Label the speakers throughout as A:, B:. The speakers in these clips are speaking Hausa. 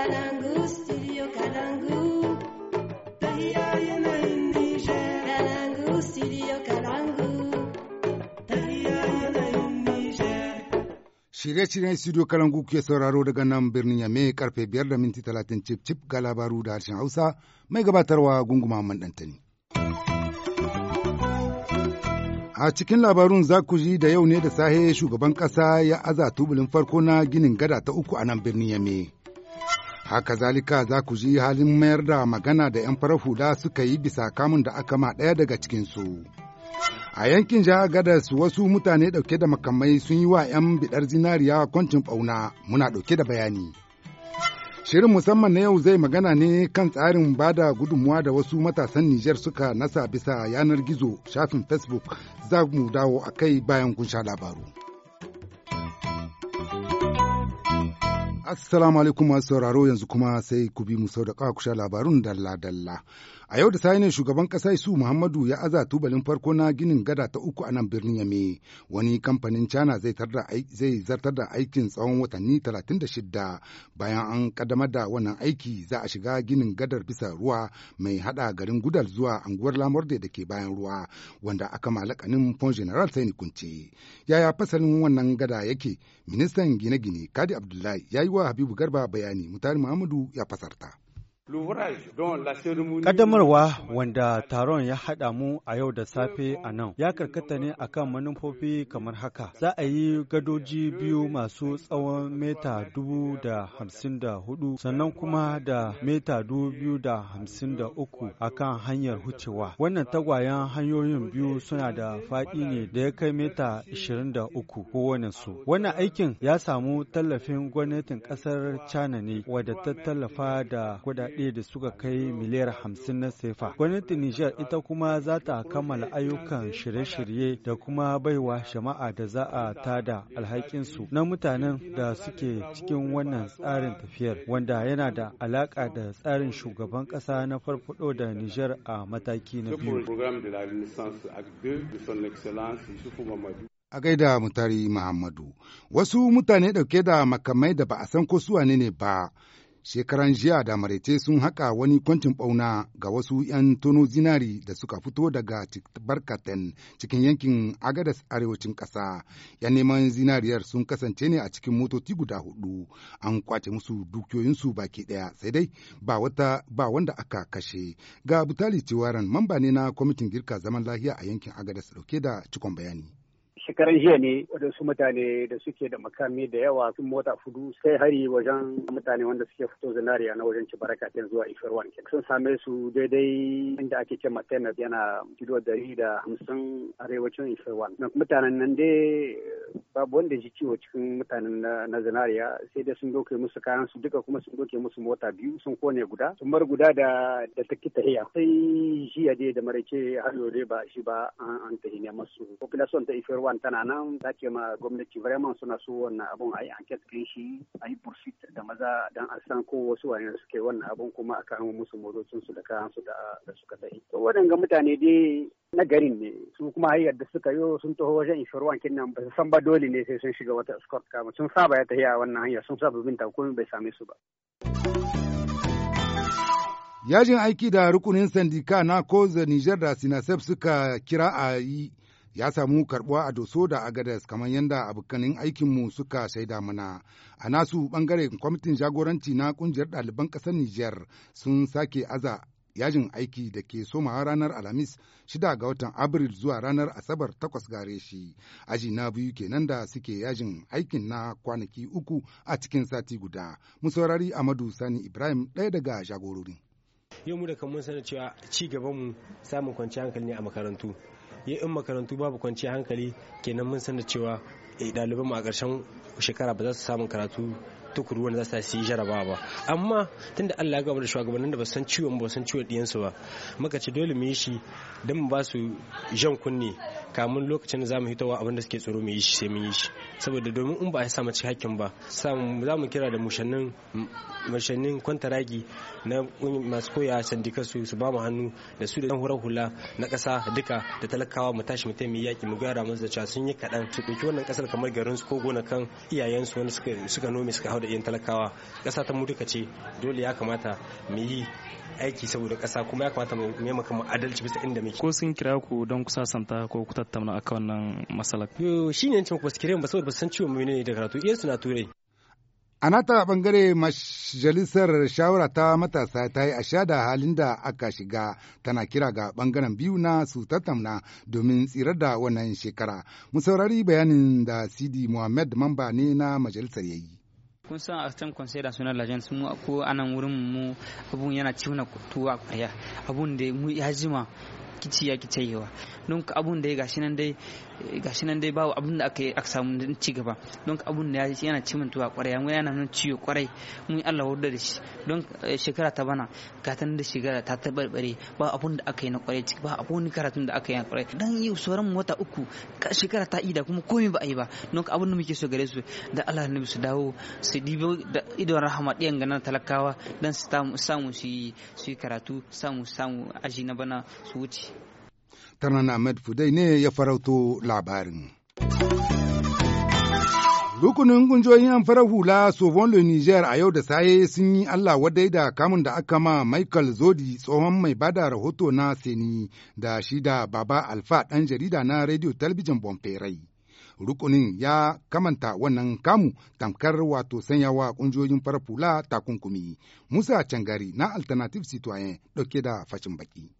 A: Kalangu,
B: Shirye-shiryen studio Kalangu ke sauraro daga nan birnin Yame karfe biyar da minti talatin cip cip ga labaru da harshen Hausa mai gabatarwa gunguma man A cikin labarun za ku ji da yau ne da sahe shugaban ƙasa ya aza tubulin farko na ginin gada ta uku a nan birnin Yame. Haka zalika za ku ji halin mayar da magana da 'yan farar hula suka yi bisa kamun da aka ma ɗaya daga cikinsu. A yankin jihar Gadas wasu mutane ɗauke da makamai sun yi wa 'yan bidar zinariya kwancin bauna muna ɗauke da bayani. Shirin musamman na yau zai magana ne kan tsarin bada gudunmuwa da wasu matasan Nijar suka nasa bisa yanar gizo shafin Facebook za mu dawo a kai bayan kun sha labaru. Assalamu alaikum masu sauraro yanzu kuma sai ku bi mu sau da kusha labarun dalla-dalla. A yau da sai ne shugaban ƙasa su Muhammadu ya aza tubalin farko na ginin gada ta uku a nan birnin Yame. Wani kamfanin China zai zartar da aikin tsawon watanni 36 bayan an kaddamar da wannan aiki za a shiga ginin gadar bisa ruwa mai hada garin Gudal zuwa anguwar Lamorde da ke bayan ruwa wanda aka malakanin Pont General Sani Kunce. Yaya fasalin wannan gada yake? Ministan gine-gine Kadi Abdullahi ya yi Habibu Garba bayani, mutane Muhammadu ya fasarta.
C: Ƙaddamarwa wanda taron ya haɗa mu a yau da safe a nan ya karkata ne akan manufofi kamar haka. Za a yi gadoji biyu masu tsawon mita dubu da hamsin da hudu sannan kuma da mita dubu biyu da hamsin da uku a kan hanyar hucewa. Wannan tagwayen hanyoyin biyu suna da faɗi ne da ya kai mita ishirin da uku kowane su. Wannan aikin ya samu tallafin gwamnatin ƙasar China ne wadda ta tallafa da kuɗaɗe kuɗi da suka kai miliyar hamsin na sefa. Gwamnatin Nijar ita kuma za ta kammala ayyukan shirye-shirye da kuma baiwa jama'a da za a tada alhakinsu na mutanen da suke cikin wannan tsarin tafiyar wanda yana da alaƙa da tsarin shugaban ƙasa na farfaɗo da Nijar a mataki na biyu.
B: a gaida mutari Muhammadu. Wasu mutane ɗauke da makamai da ba a san ko su ne ba shekaran jiya da maraice sun haƙa wani kwancin ɓauna ga wasu 'yan tono zinari da suka fito daga barkatan cikin yankin agadas arewacin ƙasa 'yan neman zinariyar sun kasance ne a cikin motoci guda hudu an kwace musu dukiyoyinsu baki ɗaya sai dai ba wata ba wanda aka kashe ga butali ciwaran mamba ne na kwamitin girka zaman lahiya a yankin agadas ɗauke da cikon bayani
D: shekaran jiya ne waɗansu mutane da suke da makami da yawa sun mota fudu sai hari wajen mutane wanda suke fito zinariya na wajen cibaraka ta zuwa ifirwan sun same su daidai inda ake ce matenab yana kilo dari da hamsin arewacin ifirwan mutanen nan dai babu wanda ji ciwo cikin mutanen na zinariya sai dai sun doke musu kayan su duka kuma sun doke musu mota biyu sun kone guda sun bar guda da da take hiya sai jiya dai da maraice har yau dai ba shi ba an tahi ne masu population ta ifirwan tana nan da ke ma gwamnati vraiment suna so wannan abun a yi enquête ɗin shi a yi pursuit da maza dan a san ko wasu suke wannan abun kuma a kawo musu motocin su da kayan da suka sai to waɗanga mutane dai na garin ne su kuma har yadda suka yi sun taho wajen inshorwan kinnan ba su san ba dole ne sai sun shiga wata escort kama sun saba ya tafiya wannan hanya sun saba bin takumin bai same su ba
B: yajin aiki da rukunin sandika na koza Nijar da Sinasef suka kira a yi ya samu karbuwa a doso da agadas kamar yadda abokanin aikinmu suka shaida mana a nasu bangare kwamitin jagoranci na kungiyar ɗaliban ƙasar niger sun sake aza yajin aiki da ke soma ranar alhamis shida ga watan abril zuwa ranar asabar takwas gare shi aji na biyu kenan da suke yajin aikin na kwanaki uku a cikin sati guda musaurari amadu sani ibrahim ɗaya daga jagorori.
A: yau mu da kan mun sanar cewa ci gaban mu samun kwanciyar hankali ne a makarantu ya in makarantu
B: babu kwanciyar hankali
A: kenan mun san da cewa eh, ɗaliban mu a ƙarshen shekara ba za su samu karatu tukuru wanda za su yi jaraba ba amma tunda Allah ya gaba da shugabannin da ba san ciwon ba san ciwon diyansu ba muka ce dole mu yi shi don mu ba su jan kunne kamun lokacin da za mu hitowa abin da suke tsoro mu yi shi sai mu yi shi saboda domin in ba a sa mace hakkin ba za mu kira da mushannin mushannin kwantaragi na masu koya sandika su su ba mu hannu da su da dan hurar hula na kasa duka da talakawa mu tashi mu taimi yaki mu gyara musu da cewa sun yi kaɗan su wannan ƙasar kamar garin su ko gonakan iyayensu wanda suka nome suka da iyan talakawa ƙasa ta mu duka ce dole ya kamata mu yi aiki saboda kasa kuma ya kamata mu yi maka adalci bisa inda muke ko sun kira ku don ku sasanta ko ku tattauna akan wannan masala yo shine yancin ku kira mu saboda basu san ne da karatu iyansu suna turai
B: A nata bangare majalisar shawara ta matasa ta yi ashe da halin da aka shiga tana kira ga bangaren biyu na su tattauna domin tsirar da wannan shekara. Mu saurari bayanin da Sidi Muhammad mamba ne na majalisar yayi.
E: kun san a can conseil national la mu ko anan wurin mu abun yana ciwon tuwa kwaya abun da mu ya jima kici ya ki cayewa don abun da ya gashi nan dai gashi nan dai babu abun da aka yi aka samu ci gaba don abun da ya yana cimantuwa kwarai yamma yana nan ciwo kwarai mun Allah wadda da shi don eh, shekara ta bana gatan da shekara ta bare ba abun da aka yi na kwarai ciki ba abun karatun da aka yi na kwarai don yi sauran wata uku shekara ta ida kuma komai ba a yi ba don abun da muke so gare su da Allah ne su dawo su dibo da idon rahama ɗiyan ganar talakawa don su samu su yi karatu samu samu aji na bana su wuce
B: Tarnan Ahmed Fudai ne ya farauto labarin. Rukunin kungiyoyin an farar hula Sovon Le Niger a yau da saye sun yi Allah wadai da kamun da aka ma Michael Zodi tsohon mai bada rahoto na Seni da shi da Baba Alfa ɗan jarida na Radio Talbijin Bonferai. Rukunin ya kamanta wannan kamu tamkar wato sanyawa kungiyoyin farar hula takunkumi. Musa Cangari na Alternative Citoyen ɗauke da fashin baki.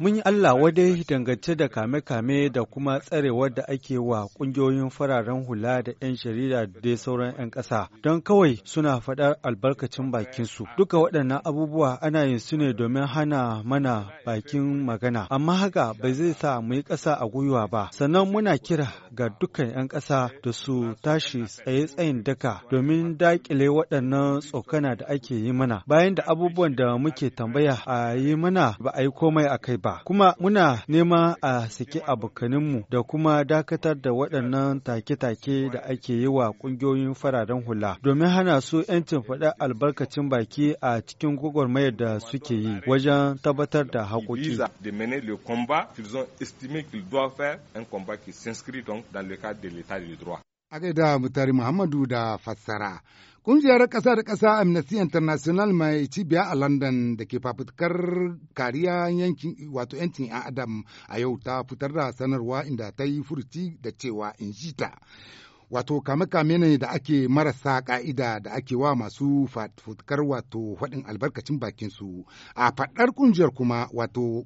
B: Mun yi Allah wadai dangance da
C: kame-kame da kuma tsarewar da ake wa ƙungiyoyin fararen hula da 'yan jarida da dai sauran 'yan ƙasa don kawai suna faɗar albarkacin bakinsu. Duka waɗannan abubuwa ana yin su ne domin hana mana bakin magana, amma haka bai zai sa mu yi ƙasa a gwiwa ba. Sannan muna kira ga dukkan 'yan ƙasa da su tashi tsaye tsayin daka domin daƙile waɗannan tsokana da ake yi mana bayan da abubuwan da muke tambaya a yi mana ba a yi komai a kai ba. Kuma muna nema a saki abokaninmu da kuma dakatar da waɗannan take-take da ake yi wa ƙungiyoyin fararen hula domin hana su 'yancin faɗa albarkacin baki a cikin gwagwarmayar da suke yi wajen tabbatar da haƙoƙi.
B: a da mutari Muhammadu da fassara. Ƙungiyar ƙasa da ƙasa Amnesty International mai cibiya a London da ke fafutukar kariya yankin wato 'yancin 'yan Adam a yau ta fitar da sanarwa inda ta yi furuci da cewa in ta. wato kame-kame ne da ake marasa ka'ida da ake wa masu fafutukar wato faɗin albarkacin bakinsu a faɗar kungiyar kuma wato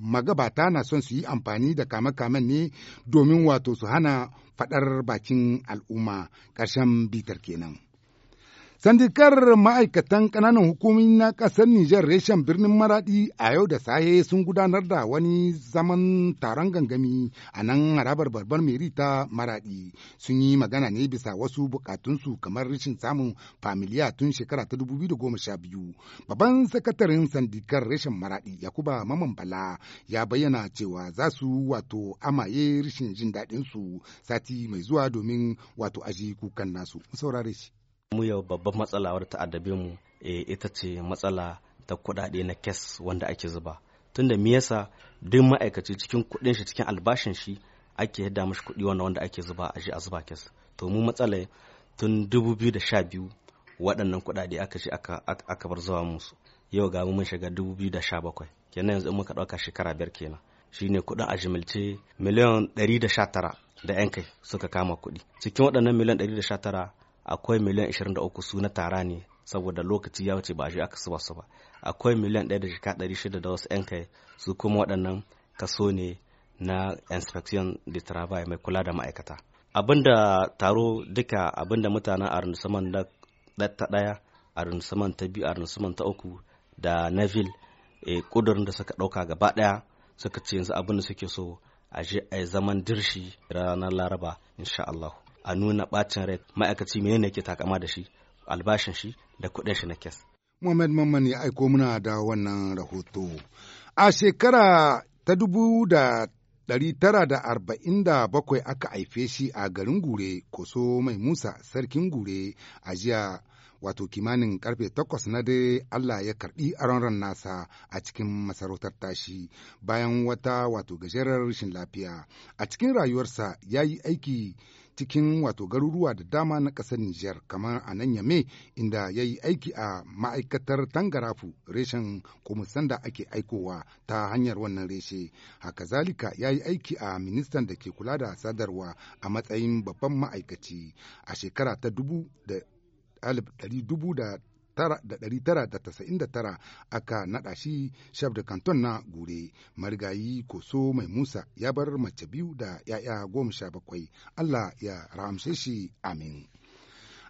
B: magabata na son su yi amfani da kame-kamen ne domin wato su hana faɗar bakin al'umma karshen bitar kenan. Sandikar ma'aikatan ƙananan hukumomi na ƙasar Nijar reshen birnin Maraɗi a yau da sahe sun gudanar da wani zaman taron gangami a nan harabar babbar meri ta Maraɗi. Sun yi magana ne bisa wasu bukatunsu kamar rashin samun familiya tun shekara ta 2012. Babban sakataren sandikar reshen Maraɗi Yakuba Maman Bala ya bayyana cewa za su wato amaye rashin jin daɗinsu sati mai zuwa domin wato aji kukan nasu. Saurare
E: mu yau babban matsala wadda ta addabe mu eh, ita ce matsala ta kuɗaɗe na kes wanda ake zuba tunda me yasa duk ma'aikaci cikin kuɗin shi cikin albashin shi ake yadda mashi kuɗi wanda wanda ake zuba a a zuba kes to mu matsala tun 2012 waɗannan kuɗaɗe aka shi aka bar zuwa musu yau ga mun shiga 2017 kenan yanzu in muka ɗauka shekara biyar kenan shine kuɗin a jimilce miliyan 119 da 'yan kai suka kama kuɗi cikin waɗannan miliyan 119 akwai miliyan 23 su na tara ne saboda lokaci ya wuce ba shi aka suba su ba akwai miliyan 1 da shika 600 da wasu 'yan kai su kuma waɗannan kaso ne na inspection de travail mai kula da ma'aikata abinda taro duka abinda mutanen a na ta ɗaya arnusaman ta biyu arnusaman ta uku da neville e, eh, kudurin da suka ɗauka gaba ɗaya suka ce yanzu abin da suke so a je a zaman dirshi ranar laraba insha Allah a nuna bacin rai ma'aikaci menene ke takama da shi albashin shi da kuɗin shi na kes.
B: Muhammad Mamman ya aiko muna da wannan rahoto. A shekara ta dubu da ɗari tara da arba'in da bakwai aka haife shi a garin Gure, Koso Mai Musa, Sarkin Gure, a jiya wato kimanin karfe takwas na dai Allah ya karbi aron nasa a cikin masarautar tashi bayan wata wato gajerar rashin lafiya a cikin rayuwarsa ya yi aiki cikin wato garuruwa da dama na ƙasar Nijar kamar a nan Yame inda ya yi aiki a ma'aikatar Tangarafu reshen komisan da ake aikowa ta hanyar wannan reshe. Haka zalika ya yi aiki a ministan da ke kula da sadarwa a matsayin babban ma'aikaci a shekara ta dubu 1999 aka naɗa shi shaf da kanton na gure marigayi koso mai musa ya bar mace biyu da ‘ya'ya goma sha bakwai allah ya ramshe shi amin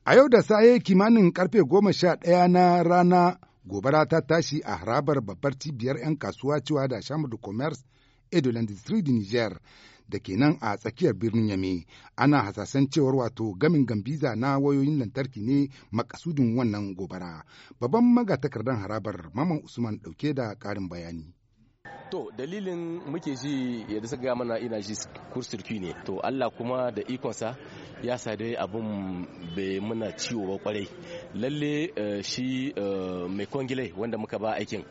B: a yau da saye kimanin karfe goma sha daya na rana gobara ta tashi a harabar babbar cibiyar 'yan kasuwa cewa da shamu da commerce et de l'industrie niger da ke nan a tsakiyar birnin Yame ana hasasan cewar wato gamin gambiza na wayoyin lantarki ne makasudin wannan gobara. Babban magatakardar harabar Maman Usman dauke da karin bayani.
A: to dalilin muke ji ya suka gaya mana ina ji kursirki ne to Allah kuma da ikonsa ya dai abin bai muna ciwo ba kwarai lalle eh, shi eh, mai kwangilai wanda muka ba aikin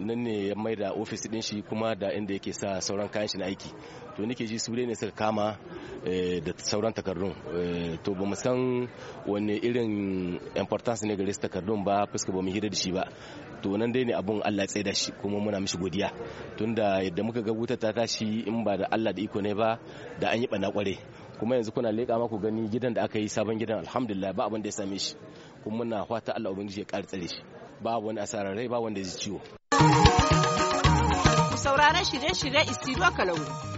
A: nan ne ya mai da ofis din shi kuma da inda yake sa sauran kayan shi na aiki to nake ji su ne suka kama eh, da sauran takardun eh, to ba san wani irin importance ne gare su takardun ba fuska ba mu hira da shi ba to nan dai ne abun Allah ya tsaida shi kuma muna mishi godiya tunda yadda muka ga wutar ta tashi in ba da Allah da iko ne ba da an yi bana kware kuma yanzu kuna leƙa maku gani gidan da aka yi sabon gidan alhamdulillah ba abin da ya same shi kuma muna fata Allah ubangiji ya ƙara tsare shi ba wani asarar rai ba wanda ya ji ciwo
E: sauraron shirye-shirye istiro kalauri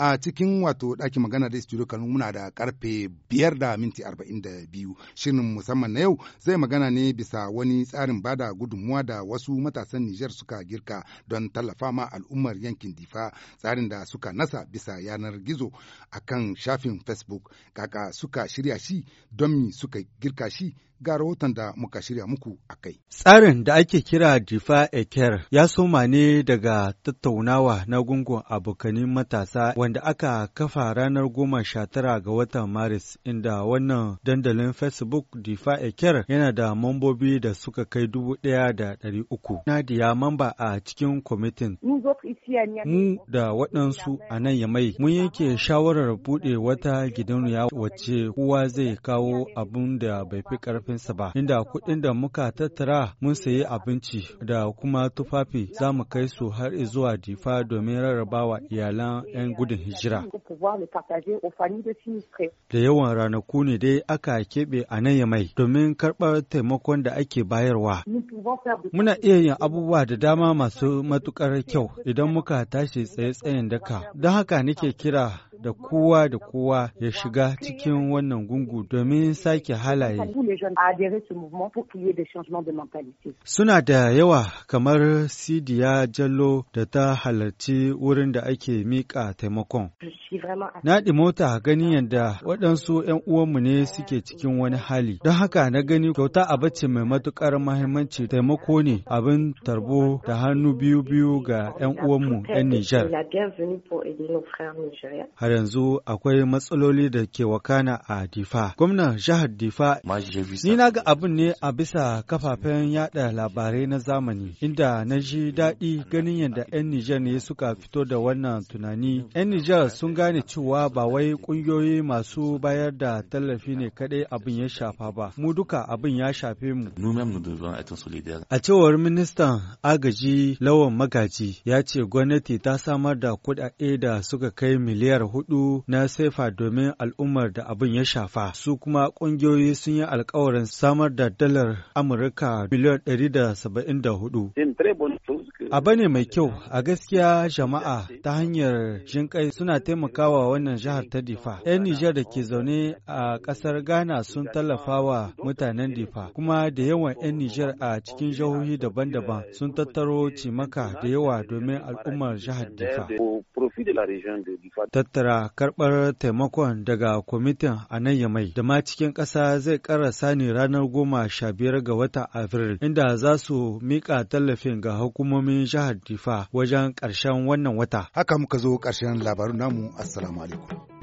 B: a cikin wato ɗakin magana da studio Kano muna da karfe biyar da minti arba'in da biyu shirin musamman na yau zai magana ne bisa wani tsarin bada gudunmuwa da wasu matasan Nijar suka girka don tallafa ma al'ummar yankin Difa tsarin da suka nasa bisa yanar gizo akan shafin Facebook kaka suka shirya shi don mi suka girka shi ga rahoton da muka shirya muku a kai. Tsarin da
C: ake kira Difa Eker ya soma ne daga tattaunawa na gungun abokanin matasa wanda aka kafa ranar goma sha tara ga watan Maris inda wannan dandalin Facebook Difa Eker yana da mambobi da suka kai dubu ɗaya da ɗari uku. Nadiya mamba a cikin kwamitin. Mu da waɗansu a nan Yamai mun yanke shawarar buɗe wata ya wacce kowa zai kawo abun da bai fi ƙarfi tufafinsa ba, inda kuɗin da muka tattara mun sayi abinci da kuma tufafi za mu kai su har zuwa difa domin rarrabawa iyalan 'yan gudun hijira. Da yawan ranaku ne dai aka keɓe a nan mai domin karɓar taimakon da ake bayarwa. Muna iya yin abubuwa da dama masu matuƙar kyau idan muka tashi tsaye-tsayen daka. Don haka nake kira da kowa da kowa ya shiga cikin wannan gungu domin sake halaye. Suna da yawa kamar Sidiya Jallo da ta halarci wurin da ake miƙa taimakon. Na mota gani yadda waɗansu 'yan uwanmu ne suke cikin wani hali. Don haka na gani kyauta ce mai matuƙar mahimmanci taimako ne abin tarbo da hannu biyu biyu ga 'yan uwanmu 'yan Nijar. har yanzu akwai matsaloli da ke wakana a Difa. Gwamnan jihar Difa ni na ga abin ne a bisa kafafen yada labarai na zamani inda na ji daɗi ganin yadda 'yan Nijar ne suka fito da wannan tunani. 'Yan Nijar sun gane cewa ba wai ƙungiyoyi masu bayar da tallafi ne kaɗai abin ya shafa ba. Mu duka abin ya shafe mu. A cewar ministan agaji Lawan Magaji ya ce gwamnati ta samar da kuɗaɗe da suka kai miliyar hudu na sefa domin al'ummar da abin ya shafa su kuma ƙungiyoyi sun yi alkawarin samar da dalar amurka miliyan 174 Abu ne mai kyau a gaskiya jama'a ta hanyar kai suna taimakawa wannan jihar ta Difa. 'Yan Nijar da ke zaune a ƙasar Ghana sun tallafa wa mutanen Difa, kuma da yawan 'yan Nijar a cikin jihohi daban-daban sun tattaro cimaka da yawa domin al'ummar jihar Difa. Tattara karɓar taimakon daga kwamitin a nan yamai da ma cikin ƙasa zai ƙarasa ne ranar goma sha biyar ga watan Afril, inda za su miƙa tallafin ga hukumomin birnin jihar Difa wajen ƙarshen wannan wata. Haka muka zo
B: ƙarshen labarun namu, Assalamu alaikum.